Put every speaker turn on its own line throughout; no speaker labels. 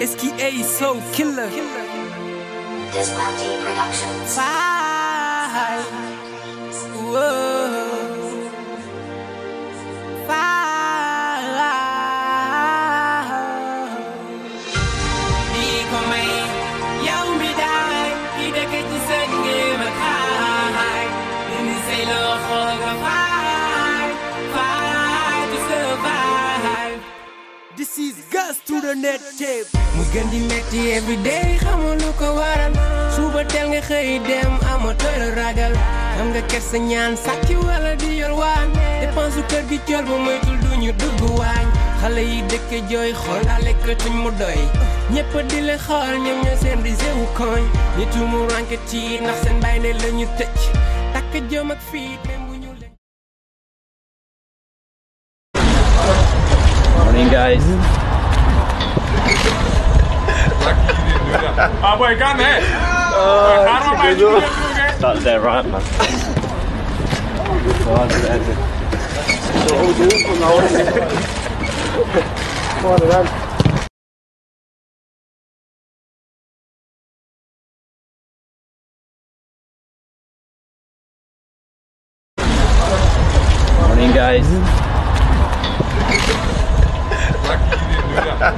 SKA Soul Killer. This Production. Bye. Whoa. internet tape mu gën di metti every day xamul lu ko waral suba teel nga xëy dem amatul ragal xam nga kersa ñaan sàcc wala di yor waan dépense kër gi col ba moytul du ñu dugg waañ xale yi dëkk jooy xool alekatuñ mu doy ñëpp di la xool ñoom ñoo seen risé koñ ñitu mu ranke ci ndax seen bàyyi ne la ñu tëj takk jom ak fiit guys. Amerikan he. Karma main juga. Tak there right man. Doğru geldi. Doğru geldi. Doğru geldi. guys.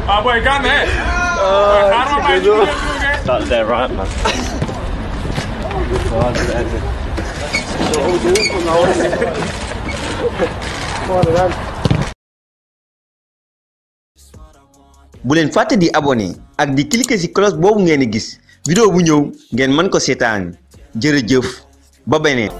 Ah, boy, come here. Oh, it's leen fàtte di abonné ak di cliquer ci cloche boobu ngeen di gis vidéo bu ñëw ngeen mën ko seetaan jërëjëf ba beneen